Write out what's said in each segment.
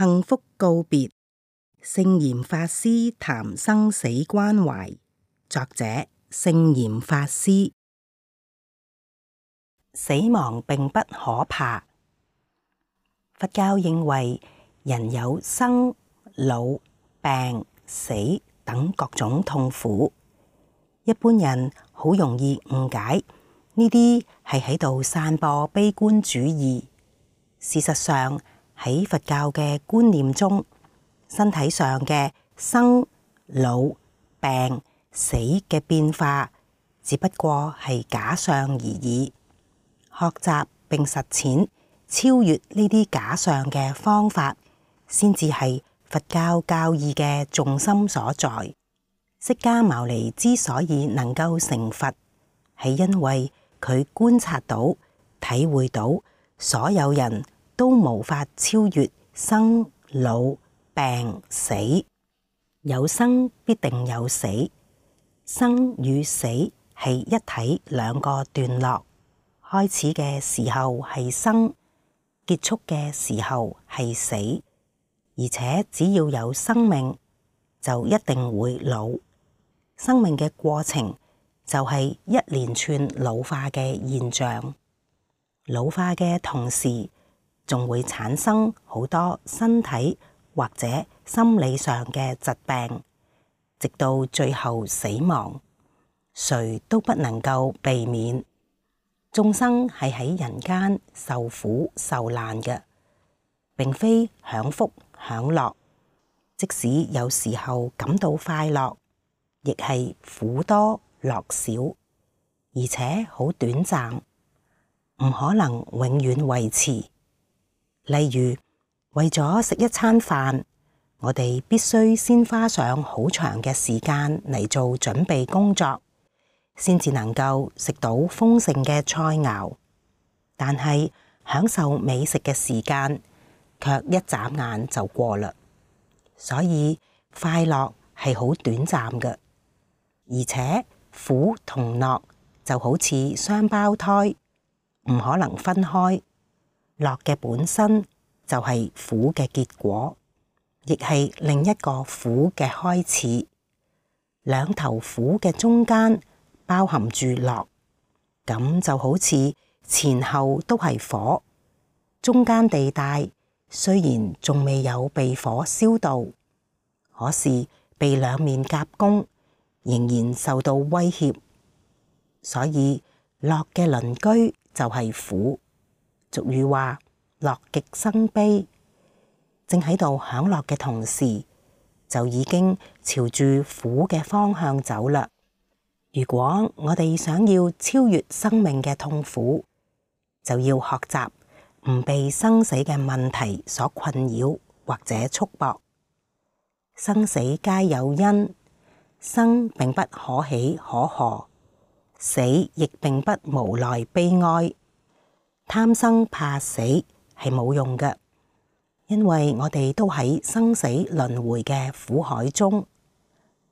幸福告別，聖嚴法師談生死關懷。作者：聖嚴法師。死亡並不可怕。佛教認為人有生、老、病、死等各種痛苦。一般人好容易誤解，呢啲係喺度散播悲觀主義。事實上，喺佛教嘅觀念中，身體上嘅生老病死嘅變化，只不過係假相而已。學習並實踐超越呢啲假相嘅方法，先至係佛教教義嘅重心所在。釋迦牟尼之所以能夠成佛，係因為佢觀察到、體會到所有人。都無法超越生老病死，有生必定有死，生與死係一體兩個段落。開始嘅時候係生，結束嘅時候係死。而且只要有生命，就一定會老。生命嘅過程就係一連串老化嘅現象，老化嘅同時。仲會產生好多身體或者心理上嘅疾病，直到最後死亡，誰都不能夠避免。眾生係喺人間受苦受難嘅，並非享福享樂。即使有時候感到快樂，亦係苦多樂少，而且好短暫，唔可能永遠維持。例如，為咗食一餐飯，我哋必須先花上好長嘅時間嚟做準備工作，先至能夠食到豐盛嘅菜餚。但係享受美食嘅時間，卻一眨眼就過啦。所以快樂係好短暫嘅，而且苦同樂就好似雙胞胎，唔可能分開。樂嘅本身就係苦嘅結果，亦係另一個苦嘅開始。兩頭苦嘅中間包含住樂，咁就好似前後都係火，中間地帶雖然仲未有被火燒到，可是被兩面夾攻，仍然受到威脅。所以樂嘅鄰居就係苦。俗語話：樂極生悲，正喺度享樂嘅同時，就已經朝住苦嘅方向走啦。如果我哋想要超越生命嘅痛苦，就要學習唔被生死嘅問題所困擾或者束縛。生死皆有因，生並不可喜可賀，死亦並不無奈悲哀。貪生怕死係冇用嘅，因為我哋都喺生死輪回嘅苦海中，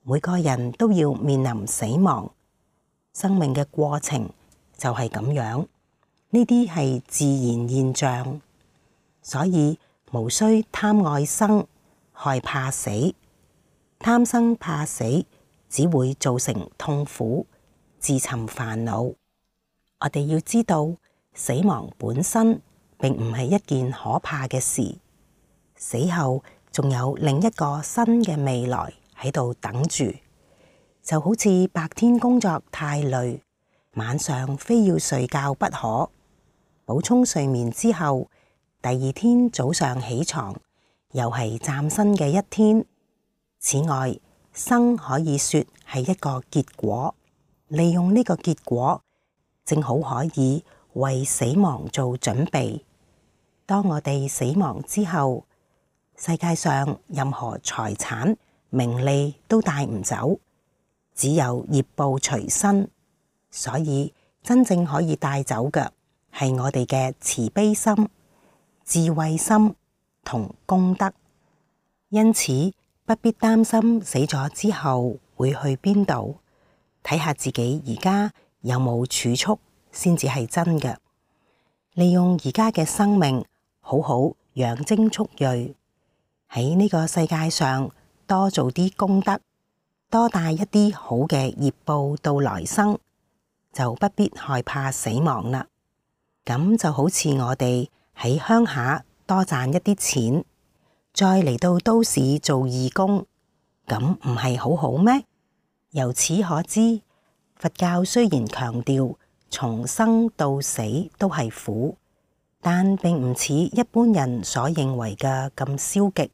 每個人都要面臨死亡，生命嘅過程就係咁樣，呢啲係自然現象，所以無需貪愛生，害怕死，貪生怕死只會造成痛苦、自尋煩惱。我哋要知道。死亡本身並唔係一件可怕嘅事，死後仲有另一個新嘅未來喺度等住，就好似白天工作太累，晚上非要睡覺不可，補充睡眠之後，第二天早上起床，又係嶄新嘅一天。此外，生可以說係一個結果，利用呢個結果，正好可以。為死亡做準備。當我哋死亡之後，世界上任何財產、名利都帶唔走，只有業報隨身。所以真正可以帶走嘅係我哋嘅慈悲心、智慧心同功德。因此不必擔心死咗之後會去邊度。睇下自己而家有冇儲蓄。先至係真嘅，利用而家嘅生命，好好養精蓄銳，喺呢個世界上多做啲功德，多帶一啲好嘅業報到來生，就不必害怕死亡啦。咁就好似我哋喺鄉下多賺一啲錢，再嚟到都市做義工，咁唔係好好咩？由此可知，佛教雖然強調，從生到死都係苦，但並唔似一般人所認為嘅咁消極。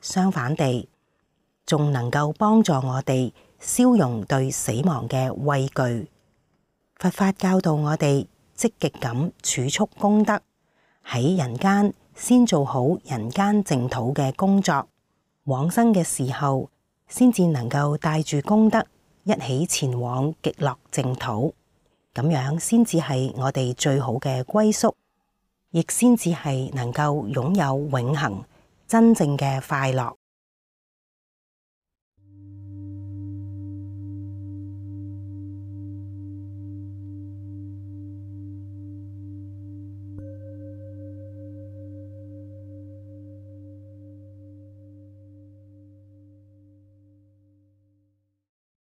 相反地，仲能夠幫助我哋消融對死亡嘅畏懼，佛法教導我哋積極咁儲蓄功德，喺人間先做好人間淨土嘅工作，往生嘅時候先至能夠帶住功德一起前往極樂淨土。咁樣先至係我哋最好嘅歸宿，亦先至係能夠擁有永恒真正嘅快樂。